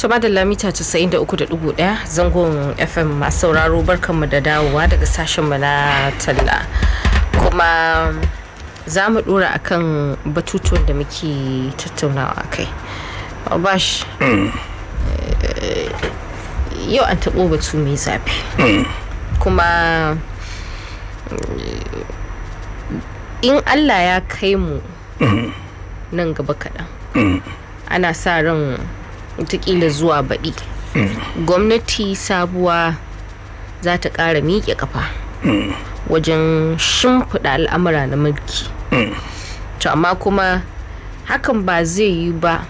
Tuma da lamita 93.1 zangon FM masu sauraro barkanmu da dawowa daga sashen na talla. Kuma za mu dora akan batutuwan da muke tattaunawa a kai. Oh, bash, hmm. eh, yau an taɓo batu mai zafi. Hmm. Kuma eh, in Allah ya kai mu hmm. nan gaba kaɗan. Ana sa ran watakila zuwa baɗi gwamnati sabuwa za ta ƙara miƙe ƙafa wajen shimfiɗa al'amura na mulki to amma kuma hakan ba zai yi ba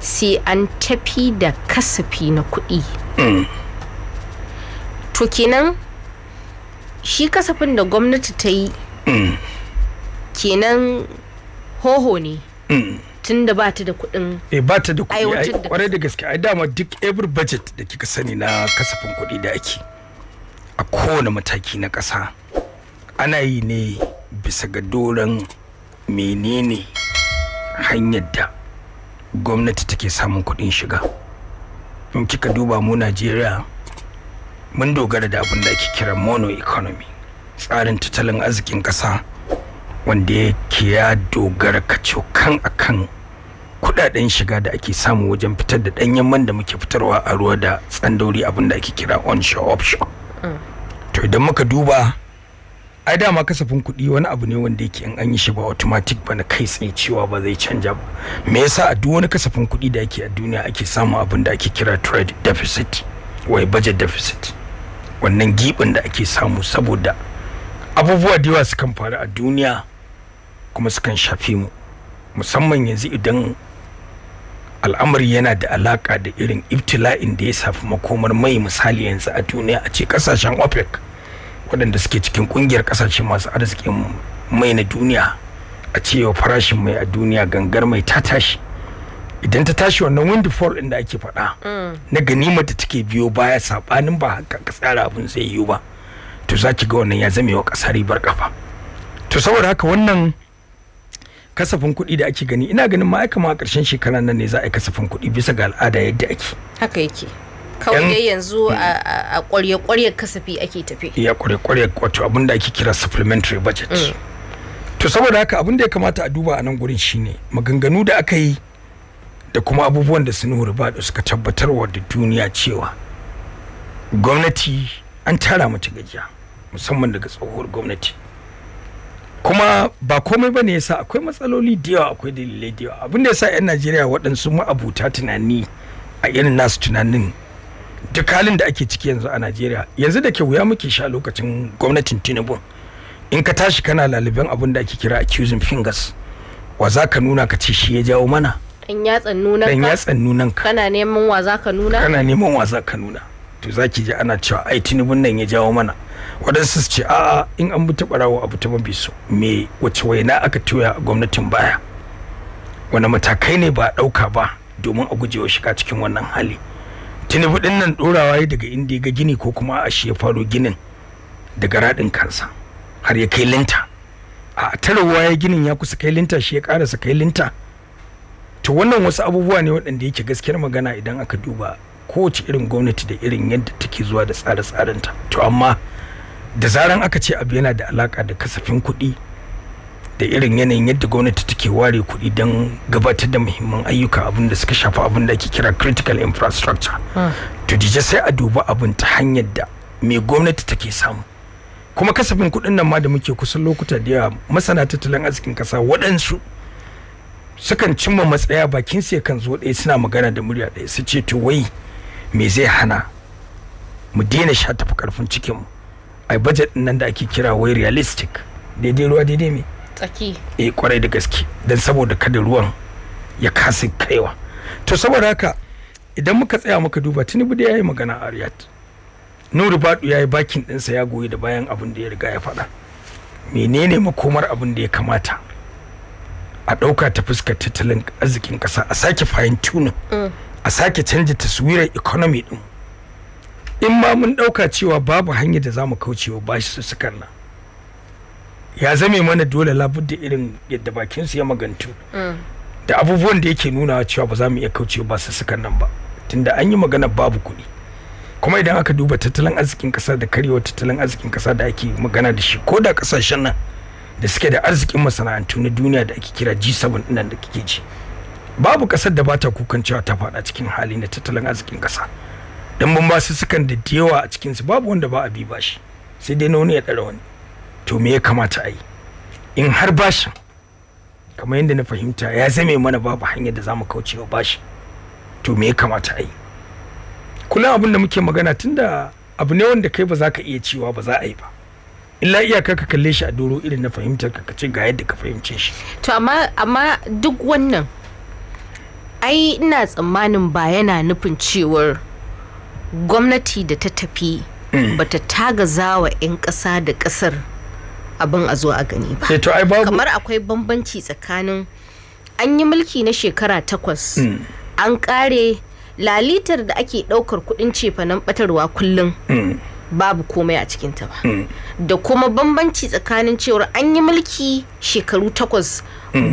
sai an tafi da kasafi na kuɗi to kenan shi kasafin da gwamnati ta yi kenan hoho ne tun da ba ta da kuɗin eh ba ta da kuɗi ai kwarai da gaske ai dama duk every budget da kika sani na kasafin kuɗi da ake a kowane mataki na ƙasa ana yi ne bisa ga doron menene hanyar da gwamnati take samun kuɗin shiga in kika duba mu najeriya mun dogara da abin da ake kira mono economy tsarin tattalin arzikin ƙasa wanda yake ya dogara kacokan akan kudaden shiga da ake samu wajen fitar da danyen man da muke fitarwa a ruwa da tsandauri abin da ake kira onshore offshore to idan muka duba ai dama kasafin kuɗi wani abu ne wanda yake in an yi shi ba automatic ba na kai tsaye cewa ba zai canja ba me yasa a duk wani kasafin kuɗi da yake a duniya ake samu abin da ake kira trade deficit wai budget deficit wannan gibin da ake samu saboda abubuwa da yawa sukan faru a duniya kuma sukan shafe mu musamman yanzu idan al'amari yana da alaka da irin ibtila'in da ya safi makomar mai misali yanzu a duniya a ce kasashen opec waɗanda suke cikin ƙungiyar kasashe masu arzikin mai na duniya a cewa farashin mai a duniya gangar mai ta tashi idan ta tashi wannan windfall ɗin da ake faɗa mm. na ganima da take biyo baya saɓanin ba haka ka tsara abin zai yiwu ba to za ki ga wannan ya wa ƙasa ribar kafa to saboda haka wannan kasafin kuɗi da ake gani ina ganin ma aika ma a ƙarshen shekaran nan ne za a yi kasafin kuɗi bisa ga al'ada yadda ake haka yake kawai dai yanzu hmm. a ƙwarya-ƙwaryar kasafi ake tafe. iya ƙwarya-ƙwaryar wato abin da ake kira supplementary budget hmm. to saboda haka abin da ya kamata a duba a nan gurin shine maganganu da aka yi da kuma abubuwan da sun ba da suka wa da duniya cewa gwamnati an tara mata gajiya musamman daga tsohuwar gwamnati kuma ba komai ba ne yasa akwai matsaloli da yawa akwai dalilai da yawa abin da yasa 'yan najeriya waɗansu ma'abuta tunani a irin nasu tunanin duk halin da ake ciki yanzu a najeriya yanzu da ke wuya muke sha lokacin gwamnatin tinubu in ka tashi kana laliban abin da ake kira accusing fingers wa za ka nuna ka ce shi ya jawo mana dan yatsan nunan kana neman wa za ka nuna kana neman wa za ka nuna to zaki ji ana cewa ai tinubun nan ya jawo mana waɗansu su ce a'a in an buta barawo abu ta mabi su me wace waina aka toya a gwamnatin baya wani matakai ne ba a ɗauka ba domin a gujewa shiga cikin wannan hali tinubu ɗin nan ɗorawa ya daga inda ya ga gini ko kuma a shi ya faro ginin daga raɗin kansa har ya kai linta a tarawa ya ginin ya kusa kai linta shi ya ƙarasa kai linta to wannan wasu abubuwa ne waɗanda yake gaskiyar magana idan aka duba kowace irin gwamnati da irin yadda take zuwa da tsare-tsarenta to amma da zaran aka ce abu yana da alaka da kasafin kuɗi da irin yanayin yadda gwamnati take ware kuɗi don gabatar da muhimman ayyuka abin suka shafa abin da ake kira critical infrastructure hmm. to dije sai a duba abin ta hanyar da mai gwamnati take samu kuma kasafin kuɗin nan ma da muke kusan lokuta da yawa masana tattalin arzikin ƙasa waɗansu sukan cimma matsaya bakin su kan zo ɗaya suna magana da murya ɗaya su ce to wai me zai hana mu daina sha tafi karfin cikinmu ai budget din nan da ake kira wai realistic daidai ruwa daidai me tsaki eh kwarai da gaske dan saboda kada ruwan ya kasa kaiwa to saboda haka idan muka tsaya muka duba tinubu da yayi magana a riyad nuru badu yayi bakin dinsa ya goyi da bayan abin da ya riga ya faɗa menene makomar abin da ya kamata a ɗauka ta fuskar tattalin arzikin ƙasa a sake fahimtunan mm. a sake canja taswirar economy din in ma mun ɗauka cewa babu hanyar da zamu kauce kaucewa bashi su sukan nan ya zame mana dole labudda irin yadda bakin su ya magantu mm. da abubuwan da yake nuna cewa ba za mu iya kauce ba su sukan nan ba tunda an yi magana babu kuɗi kuma idan aka duba tattalin arzikin kasa da karyewar tattalin arzikin kasa da ake magana da shi ko da kasashen nan da suke da arzikin masana'antu na duniya da ake kira G7 nan da kike ji babu kasar da bata kukan cewa ta fada cikin hali na tattalin arzikin kasa dan mun ba su sukan da yawa a cikin su babu wanda ba a bi bashi sai dai na wani ya ɗara wani to me ya kamata a yi in har bashin kamar yadda na fahimta ya zame mana babu hanyar da zamu mu kauce wa bashi to me ya kamata a yi kullum abin da muke magana tunda abu ne wanda kai ba za ka iya cewa ba za a yi ba illa iyaka ka kalle shi a doro irin na fahimtar ka ce ga yadda ka fahimce shi to amma amma duk wannan ai ina tsammanin ba yana nufin cewar gwamnati da ta tafi bata taga zawa 'yan ƙasa da ƙasar abin a zo a gani ba eh, kamar akwai bambanci tsakanin an yi mulki na shekara takwas hmm. an ƙare lalitar da ake ɗaukar kuɗin cefanen ɓatarwa kullum hmm. babu komai a cikinta ba hmm. da kuma bambanci tsakanin cewar an yi mulki shekaru takwas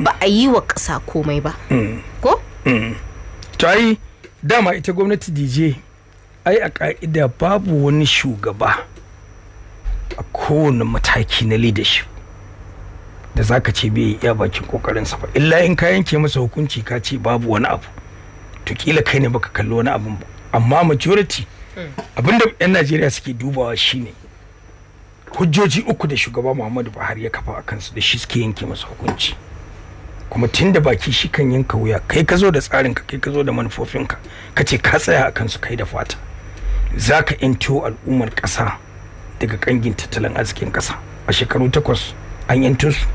ba a yi wa ƙasa komai ba ko to ai dama ita gwamnati dj ai a ka'ida babu wani shugaba a kowane mataki na leadership da zaka ce bai iya bakin kokarin sa ba illa in ka yanke masa hukunci ka ce babu wani abu to kila kai ne baka kalli wani abu ba amma majority abinda yan Najeriya suke dubawa shine hujjoji uku da shugaba Muhammadu Buhari ya kafa a kansu da shi suke yanke masa hukunci kuma tun da baki shi kan yanka wuya kai ka zo da tsarinka kai ka zo da manufofinka ka ce ka tsaya a kansu kai da fata za ka yanto al'ummar ƙasa daga ƙangin tattalin arzikin ƙasa a shekaru takwas an yanto su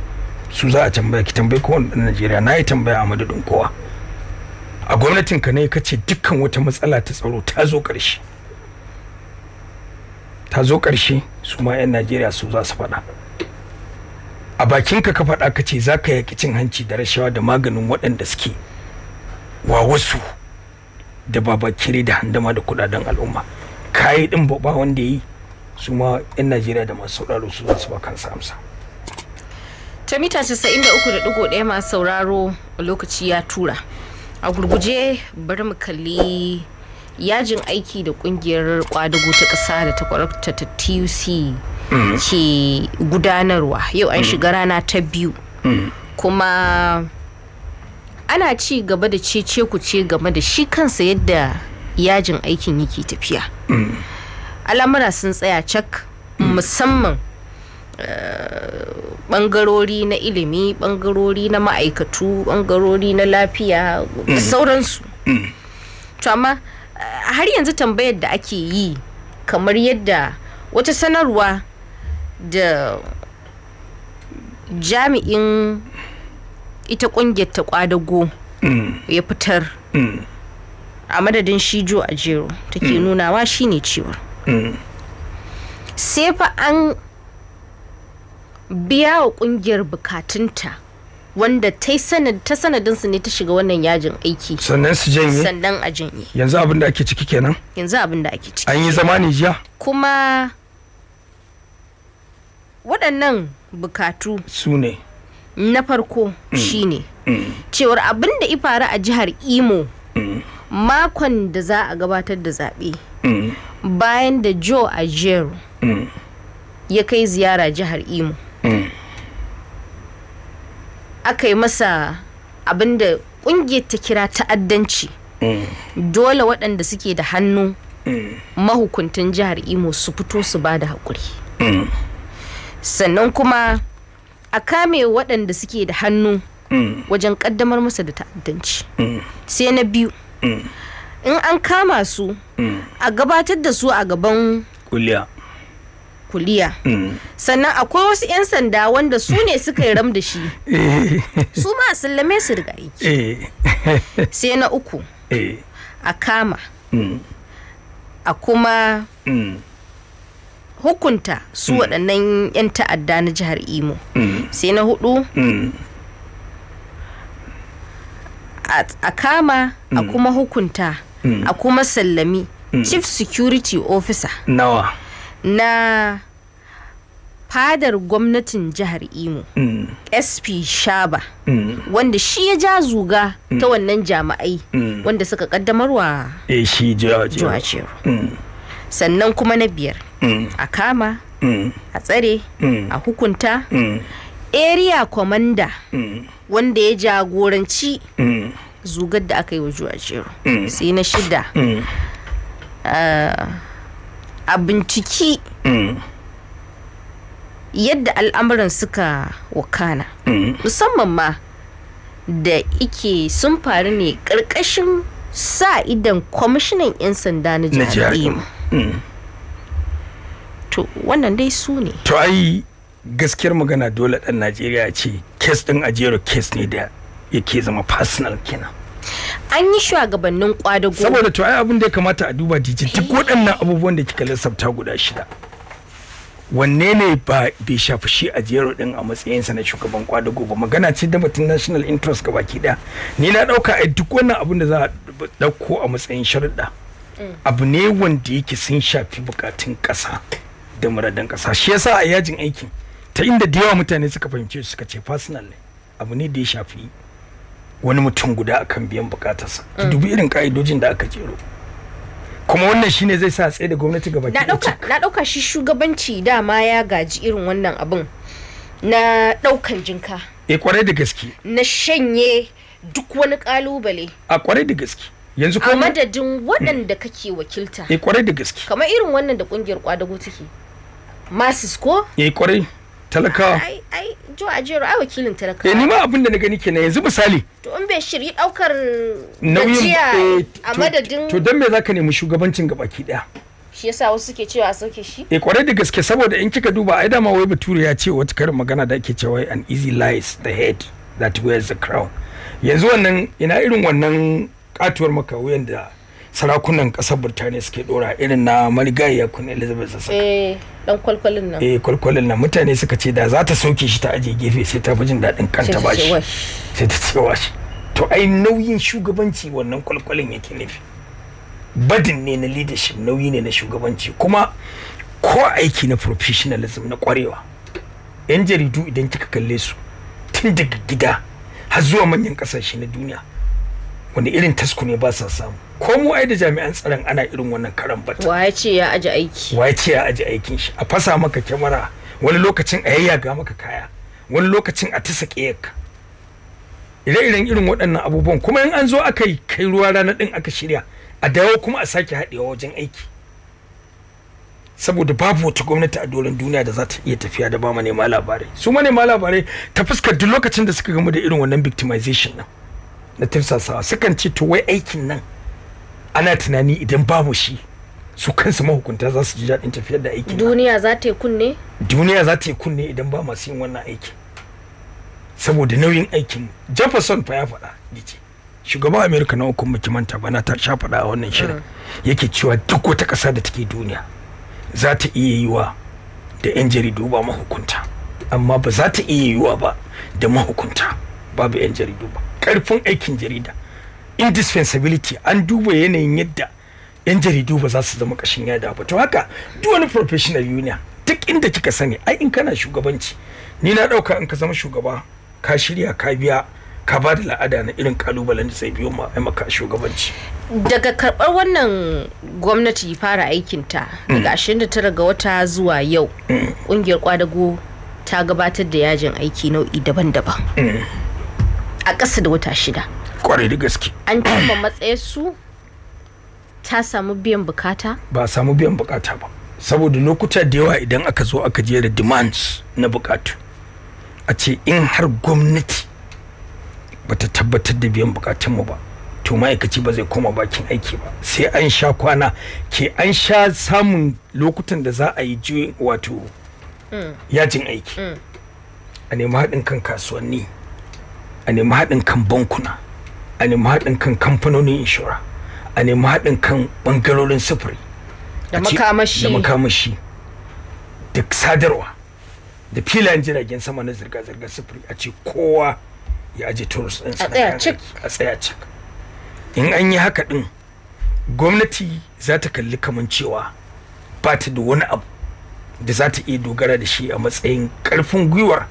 su za a tambaya ki tambayi kowane ɗan najeriya na yi tambaya a madadin kowa a gwamnatin ka ne ka ce dukkan wata matsala ta tsaro ta zo ƙarshe ta zo ƙarshe su ma 'yan najeriya su za su faɗa a bakinka ka faɗa ka ce za ka yaƙi cin hanci da rashawa da maganin waɗanda suke wa wasu da kire da handama da kudaden al'umma kayi ɗin ba wanda ya yi su ma 'yan najeriya da masu sauraro su su ba amsa ta mita 93.1 masu sauraro lokaci ya tura a gurguje bari mu kalli yajin aiki da kungiyar kwadugo ta ƙasa da ta ta tuc ke gudanarwa yau an mm. shiga rana ta biyu mm. kuma ana ci gaba da cece ku ce game da shi kansa yadda yajin aikin yake tafiya mm. al'amura sun tsaya cak musamman bangarori eh, na ilimi bangarori na ma'aikatu bangarori na lafiya da sauransu to amma eh, har yanzu tambayar da ake yi kamar yadda wata sanarwa da jami'in ita kungiyar ta kwadago mm. ya fitar mm. a madadin shijo a jero take mm. nunawa ne cewa sai fa an biya wa kungiyar bukatunta wanda ta sanadin su ne ta shiga wannan yajin aiki sannan su janye sannan a janye yanzu abin da ake ciki kenan yanzu abin da ake ciki an yi zamani jiya kuma waɗannan bukatu su ne na farko mm. shine mm. cewar abin da faru a jihar imo mm. makon da za a gabatar da zaɓe bayan da joe ajeru ya kai ziyara jihar imo aka yi masa abin da ƙungiyar ta kira ta'addanci dole waɗanda suke da hannu mahukuntan jihar imo su fito su ba da haƙuri sannan kuma a kame waɗanda suke da hannu mm. wajen ƙaddamar masa da ta'addanci mm. sai na biyu mm. in an kama su a gabatar da su a gaban kuliya kuliya sannan akwai wasu 'yan sanda wanda su ne suka yi ram da shi eh. su ma sallame su riga aiki eh. sai na uku eh. a kama a kuma hukunta su hmm. waɗannan 'yan ta'adda na jihar imo hmm. sai na hudu hmm. a kama a kuma hukunta a kuma sallami chief security officer nawa na fadar gwamnatin jihar imo sp shaba wanda shi ya ja zuga ta wannan jami'ai wanda suka kaddamarwa eh, shi sannan kuma na biyar a kama a tsare a hukunta area commander wanda ya jagoranci zugar da aka yi wa juwajero sai na shida a binciki yadda al'amuran suka wakana musamman ma da ike sun faru ne karkashin sa idan kwamishinan 'yan sanda na jihar mm. to wannan dai su ne to ai gaskiyar magana dole dan najeriya ce kes din ajero kes ne da yake zama personal kenan an yi shugabannin kwadago saboda to ai abin da ya kamata a duba dj duk eh. waɗannan abubuwan da kika lissafta guda shida wanne ne ba bai shafi shi a jero din a matsayinsa na shugaban kwadago ba magana ce da mutum national interest ga baki ɗaya ni na dauka a duk wannan abin da za a dauko a matsayin sharuɗa mm. abu ne wanda yake sun shafi bukatun ƙasa da muradan kasa shi yasa a yajin aikin ta inda da yawa mutane suka fahimce suka ce personal ne abu ne da ya shafi wani mutum guda akan biyan bukatarsa mm. dubi irin ka'idojin da aka jero kuma wannan shine zai sa tsaye da gwamnati gaba na dauka shi shugabanci dama ya gaji irin wannan abun na daukan jinka e eh, kwarai da gaske na shanye duk wani kalubale a kwarai da gaske yanzu kuma a madadin waɗanda kake wakilta e eh, kwarai da gaske kamar irin wannan da kungiyar kwadago take masis ko yi eh, kwarai talaka ai ai a jero ai wakilin talaka eh, ni ma abin na gani kenan yanzu misali to in bai shirye daukar gajiya eh, a madadin to dan me zaka nemi shugabancin baki daya shi yasa wasu suke cewa a sauke shi eh kwarai da gaske saboda in kika duba ai dama wai bature ya ce wata karin magana da ake cewa an easy lies the head that wears the crown yanzu wannan ina irin wannan katuwar maka da sarakunan kasar burtaniya suke dora irin na marigayya kun elizabeth sasaka eh dan kwalkwalin nan eh mutane suka ce da za ta soke shi ta aje gefe sai ta fi jin daɗin kanta ba shi sai ta ce wa shi to ai nauyin shugabanci wannan kwalkwalin yake nufi badin ne na leadership nauyi ne na shugabanci kuma ko aiki na professionalism na kwarewa yan jaridu idan kika kalle su tun daga gida har zuwa manyan kasashe na duniya wani irin tasku ne ba sa samu ko mu ai da jami'an tsaron ana irin wannan karan bata ya ce ya aji aiki wa ya ce ya aji aikin shi a fasa maka kyamara wani lokacin a yayyaga maka kaya wani lokacin a tasa ƙiyarka ire-iren irin waɗannan abubuwan kuma in an zo aka yi kai ruwa rana ɗin aka shirya a dawo kuma a sake haɗewa wajen aiki saboda babu wata gwamnati a doron duniya da za ta iya tafiya da ba manema labarai su manema labarai ta fuskar duk lokacin da suka gamu da irin wannan victimization nan na tirsasawa sukan ce to wai aikin nan ana tunani idan babu shi su kansu mahukunta za su ji daɗin tafiyar da aikin duniya za ta yi kunne duniya za ta yi kunne idan ba masu yin wannan aikin saboda nauyin aikin jefferson fa ya faɗa yace shugaban america na uku muke manta bana ta sha faɗa a wannan shirin mm. yake cewa duk wata ƙasa da take duniya za ta iya yi wa da yan jaridu ba mahukunta amma ba za ta iya yi wa ba da mahukunta babu yan jaridu ba karfin aikin jarida indispensability an duba yanayin yadda yan jaridu ba za su zama kashin yada ba to haka duk wani professional union duk inda kika sani ai in kana shugabanci ni na dauka in ka zama shugaba ka shirya ka biya ka ba da la'ada na irin kalubalen da zai biyo maka shugabanci daga karɓar wannan gwamnati fara aikinta mm. daga tara ga wata zuwa yau mm. ƙungiyar kwadago ta gabatar da yajin aiki nau'i daban-daban mm. a ƙasa da wata shida kwarai da gaske an cimma matsayarsu ta samu biyan bukata ba samu biyan bukata ba saboda lokuta da yawa idan aka zo aka da demands na bukatu a ce in har gwamnati bata tabbatar da biyan bukatunmu ba to ma'aikaci ba zai koma bakin aiki ba sai an sha kwana ke an sha samun lokutan da za a yi wato mm. yajin aiki mm. a nemi haɗin kan kasuwanni a nemi haɗin kan bankuna a nemi haɗin kan kamfanonin inshora a nemi haɗin kan ɓangarorin sufuri da makamashi da sadarwa da filayen jiragen sama na zirga-zirgar sufuri a ce kowa ya aje turus ɗin a tsaya cik in an yi haka ɗin gwamnati za ta kalli kaman cewa ba ta da wani abu da za ta iya dogara da shi a matsayin ƙarfin gwiwar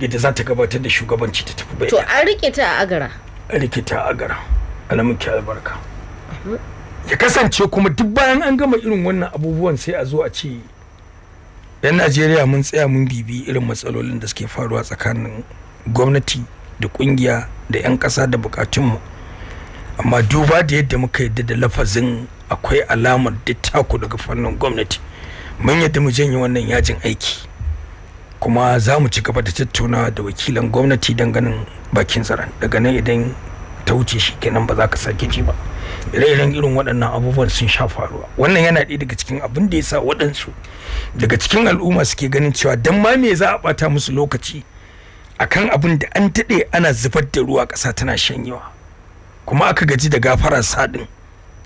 yadda za ta gabatar da shugabanci ta tafi bai to an rike ta a agara an rike ta a agara albarka ya kasance kuma duk bayan an gama irin wannan abubuwan sai a zo a ce yan najeriya mun tsaya mun bibi irin matsalolin da suke faruwa tsakanin gwamnati da kungiya da 'yan kasa da bukatunmu amma duba da yadda muka yadda da lafazin akwai alamar taku daga fannin gwamnati mun yadda mu janye wannan yajin aiki kuma za mu ci gaba da tattauna da wakilan gwamnati don ganin bakin tsaron daga nan idan ta wuce shi kenan ba za ka sake ji ba ire-iren irin waɗannan abubuwan sun sha faruwa wannan yana ɗaya daga cikin abin da ya sa waɗansu daga cikin al'umma suke ganin cewa don ma me za a ɓata musu lokaci akan abin da an daɗe ana zubar da ruwa ƙasa tana shanyewa kuma aka gaji da gafara saɗin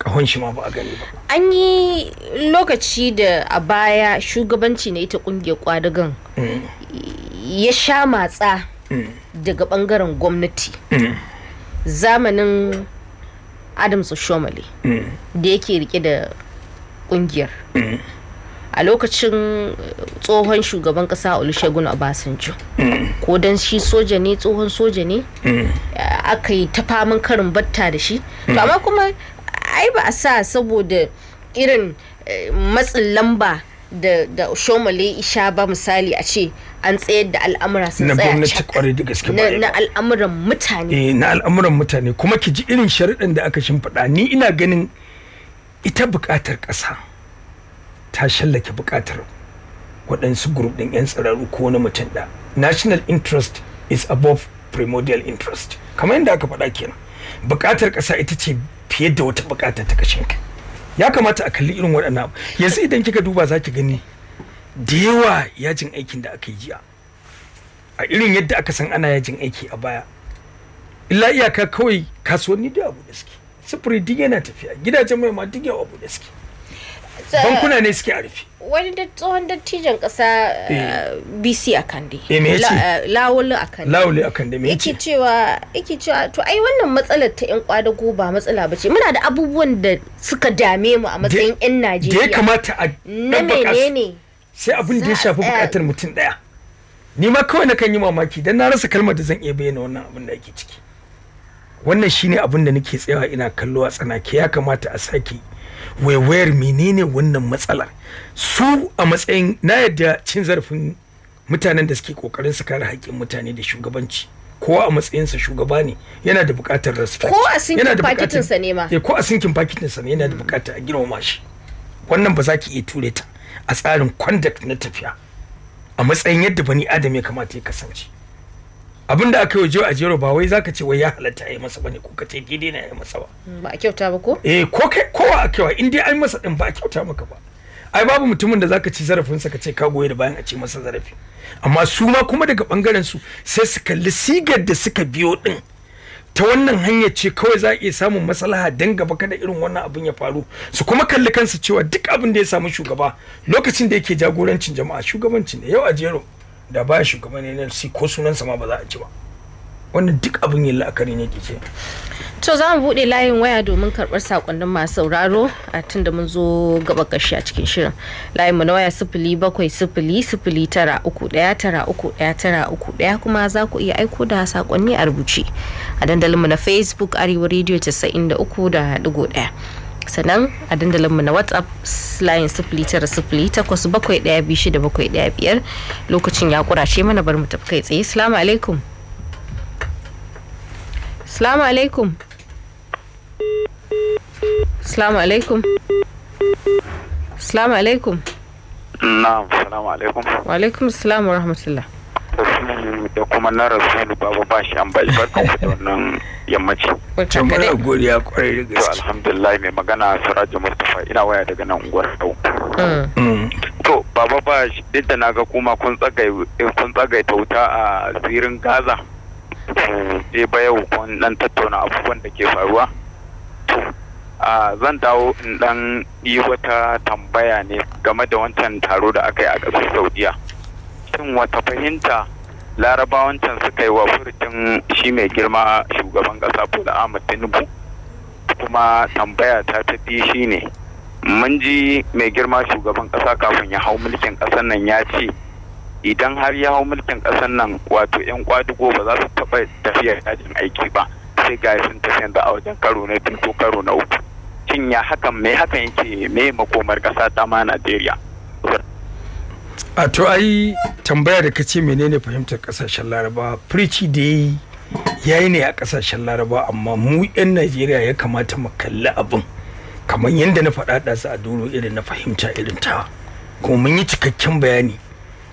kahon shi ma ba a gani ba an yi lokaci da a baya shugabanci na ita kungiyar kwadagan mm. ya sha matsa mm. daga bangaren gwamnati mm. zamanin adams shomali da yake rike da kungiyar a lokacin tsohon shugaban kasa olusegun obasanjo ko dan shi soja ne tsohon soja ne aka yi ta faman karin batta da shi amma kuma ai ba a sa saboda irin eh, matsin lamba da shomale isha ba misali a ce an tsayar da al'amura sun tsaya na gwamnati kwarai da gaske ba na al'amuran mutane eh na al'amuran mutane kuma ki ji irin sharuɗin da aka shimfiɗa ni ina ganin ita buƙatar ƙasa ta shallake buƙatar waɗansu group ɗin 'yan tsararru ko wani mutum da national interest is above primordial interest kamar yadda aka faɗa kenan buƙatar ƙasa ita ce fiye da wata bukata ta kashin kai ya kamata a kalli irin waɗannan yanzu idan kika duba za ki gani da yawa yajin aikin da aka yi jiya a irin yadda aka san ana yajin aiki a baya illa iyaka kawai kasuwanni da abu da suke sufuri duk yana tafiya gidajen mai ma duk abu da suke bankuna ne suke a rufe wani da tsohon dattijan kasa eh. uh, bc a kande lawuli a kande lawuli a kande me yake cewa yake cewa to ai wannan matsalar ta yan kwadago ba matsala bace muna da abubuwan da suka dame mu a matsayin yan najeriya da ya kamata a na menene sai abin da ya shafi bukatar mutum daya ni ma kawai na kan yi mamaki dan na rasa kalmar da zan iya bayyana wannan abin da ake ciki wannan shine abin da nake tsayawa ina kallo a tsanake ya kamata a sake waiwayar menene wannan matsalar su a matsayin na yadda cin zarafin mutanen da suke kokarin su kare haƙƙin mutane da shugabanci ko a matsayinsa shugaba ne yana da buƙatar respect ko a sinkin sa ne ma eh, ko a sinkin sa ne yana da buƙatar a girmama shi wannan ba za ki iya ture ta a tsarin conduct na tafiya a matsayin yadda bani adam ya kamata ya kasance abin da aka yi wa jero ba wai zaka ce wai ya halatta a yi masa bane ko ka ce gidi na yi masa ba ba a kyauta ba ko eh ko kai kowa a kyauta in dai an masa din ba a kyauta maka ba ai babu mutumin da zaka ci zarafin ka ce ka goye da bayan a ce masa zarafi amma su ma kuma daga bangaren su sai su kalli sigar da suka biyo din ta wannan hanya ce kawai za a iya samun maslaha dan gaba kada irin wannan abin ya faru su kuma kalli kansu cewa duk abin da ya samu shugaba lokacin da yake jagorancin jama'a shugabancin da yau a jero da ba shugaban nlc ko sunansa ma ba za a ci ba wannan duk abin yin la'akari ne ke to za mu bude layin waya domin karbar sakonnin masu sauraro a tun da mun zo gaba kashi a cikin shirin layin mu na waya sifili bakwai sifili sifili tara uku ɗaya tara uku daya tara uku daya kuma za ku iya aiko da sakonni a rubuce a dandalin mu na facebook arewa radio casa'in da Sanan a dandalinmu na whatsapp layin sifili tara sifili takwas bakwai ɗaya biyu shida bakwai ɗaya biyar lokacin ya kurace mana bar mu tafi kai tsaye salamu alaikum salamu alaikum salamu alaikum salamu alaikum na'am salamu alaikum wa alaikum salam wa rahmatullah da kuma na rasulu babu bashi an bai barkan wannan yammaci. Jama'a godiya kwarai da gaske. Alhamdulillah mai magana Siraju Mustapha ina waya daga nan unguwar Dau. Mm. Mm. To baba ba duk da naga kuma kun eh, tsagai wuta a zirin Gaza. Je eh, ba yau kun dan tattauna abubuwan da ke faruwa. zan dawo in dan yi wata tambaya ne game da wancan taro da aka yi a ƙasar Saudiya. Shin wata fahimta larabawancin suka yi wa furucin shi mai girma shugaban kasa bola ahmad tinubu kuma tambaya ta ta shi ne mun ji mai girma shugaban ƙasa kafin ya hau mulkin kasan nan ya ce idan har ya hau mulkin kasan nan wato 'yan kwadugo ba za su taɓa tafiya yajin aiki ba sai ga sun tafiya da a wajen karo na biyu ko karo na uku shin ya hakan me hakan yake me makomar ƙasa ta ma najeriya a to ai tambaya da kace menene fahimtar kasashen laraba firici da yayi yayi ne a kasashen laraba amma mu yan najeriya ya kamata mu kalli abin kamar yadda na faɗa ɗasa a doro irin na fahimta irin ta kuma mun yi cikakken bayani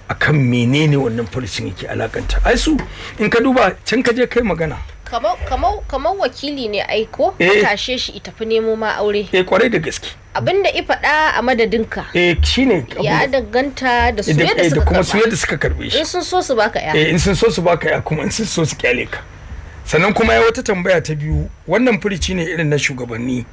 a kan menene wannan furcin yake alakanta ai su in ka duba can ka je kai magana kamar wakili ne aiko eh. tashe shi ita fi nemo ma aure eh kwarai da gaske abinda i faɗa a madadinka eh shine ya danganta da su eh, yadda eh, suka kuma su yadda suka karbe shi in sun so su baka ya eh in sun so su baka ya kuma in sun so su kyale ka sannan kuma ya wata tambaya ta biyu wannan furici ne irin na shugabanni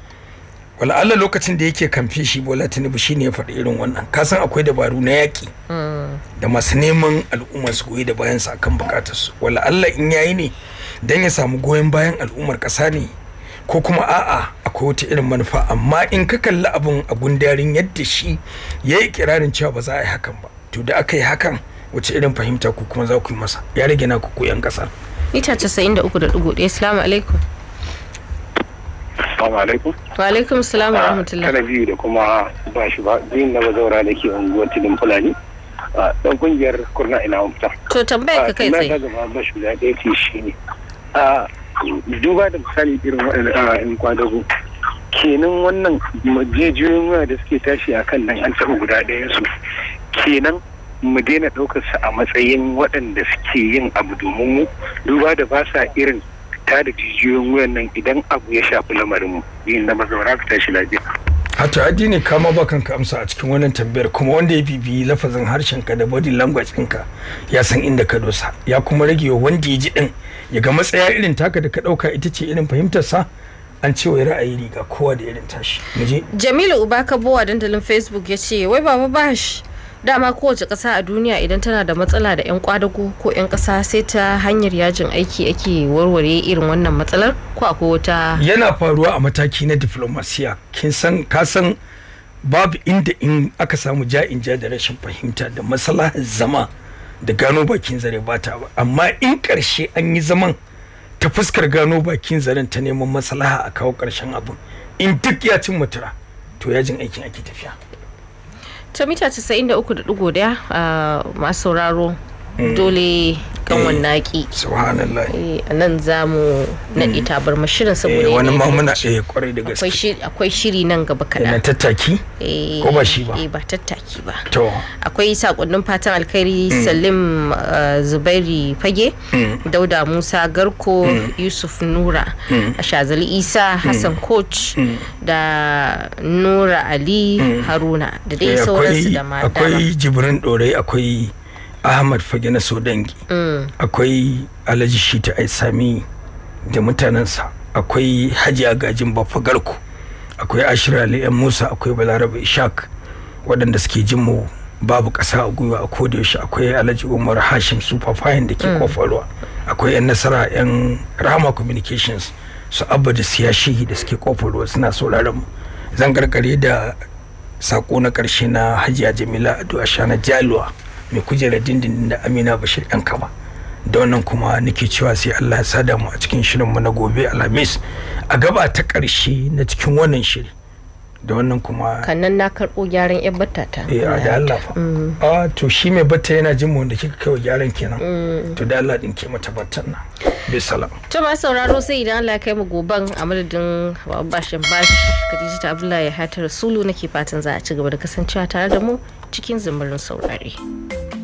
wala Allah lokacin da yake kamfe shi Bola Tinubu shine ya faɗi irin wannan kasan san akwai dabaru na yaki hmm. da masu neman al'umma su goyi da bayan su akan bukatarsu su wala Allah in yayi ne dan ya samu goyon bayan al'ummar ƙasa ne ko kuma a'a akwai wata irin manufa amma in ka kalli abun a gundarin yadda shi ya yi kirarin cewa ba za a yi hakan ba to da aka yi hakan wace irin fahimta ku kuma za ku yi masa ya rage na ku yan kasa ce da da uku mita ɗaya salamu alaikum salamu alaikum. Wa alaikum salam wa rahmatulah. Ah, kana biyu da kuma ba shi ba biyun na zaura da ke unguwar tilin Fulani. Dan ah, kungiyar Kurna ina Umta. To tambaya ka ah, kai tsaye. Na gaba ba shi da ɗaya ke shi ne. duba da misali irin waɗannan ah, kwadago kenan wannan majejiyoyin wuya da suke tashi a kan nan an taɓa guda ɗayansu su kenan mu daina ɗaukar su a matsayin waɗanda suke yin abu domin mu duba da ba sa irin tada jijiyoyin wayan nan idan abu ya shafi lamarin mu yin da mazauna ka tashi lafiya. Hato addini kama ba ka amsa a cikin wannan tambayar kuma wanda ya bibiyi lafazin harshen ka da body language ɗinka ya san inda ka dosa ya kuma rage wa wanda ya ji ɗin ya ga matsaya irin taka da ka ɗauka ita ce irin fahimtar sa an ce wai ra'ayi riga kowa da irin tashi. Jamilu Uba bowa dandalin Facebook ya ce wai baba bashi. dama kowace ƙasa a duniya idan tana da matsala da 'yan kwadago ko 'yan ƙasa sai ta hanyar yajin aiki ake warware irin wannan matsalar ko akwai wata yana faruwa a mataki na diplomasiya kin san ka san babu inda in aka samu ja'in ja da rashin fahimta da maslahar zama da gano bakin zare ba ta ba amma in karshe an yi zaman ta fuskar gano bakin zaren ta neman maslaha a kawo karshen abin in duk ya cin mutura to yajin aikin ake tafiya ta mita 93.1 a ah, masu sauraro mm. dole Kan eh, naki subhanallah eh, a nan za mu naɗe hmm. tabar mu shirin saboda eh, wani ma muna kwarai da gaske akwai shiri nan gaba kaɗan na tattaki ko ba shi ba ba tattaki ba to akwai sakonnin fatan alkhairi hmm. salim zubairi fage hmm. dauda musa garko yusuf nura shazali isa hassan coach da nura ali haruna da dai sauransu da ma akwai jibrin dorai akwai ahmad fage na sodangi mm. akwai alhaji shita aisami da mutanensa akwai haji agajin bafa garku akwai ashira ali musa akwai balaraba ishak waɗanda suke jin mu babu ƙasa a gwiwa a yaushe. akwai alhaji umar hashim superfine da ke mm. ruwa akwai yan nasara yan rama communications su abba da siyashi da suke ruwa suna sauraron mu zan karkare da sako na ƙarshe na hajiya jamila ado ashana jaluwa mai kujerar dindindin da amina bashir yan kama da wannan kuma nake cewa sai allah ya sada mu a cikin shirinmu na gobe alhamis a gaba ta ƙarshe na cikin wannan shirin da wannan kuma kannan na karbo gyaran yan batta eh a da Allah fa mm. a to shi mai batta yana jin mu wanda kika kai gyaran kenan mm. to da Allah din ke mata battan nan bi salam to ma sauraro sai idan Allah ya kai mu goban a madadin bashin bashi Khadija ta Abdullahi Hatar Sulu nake fatan za a ci gaba da kasancewa tare da mu cikin zumurin saurare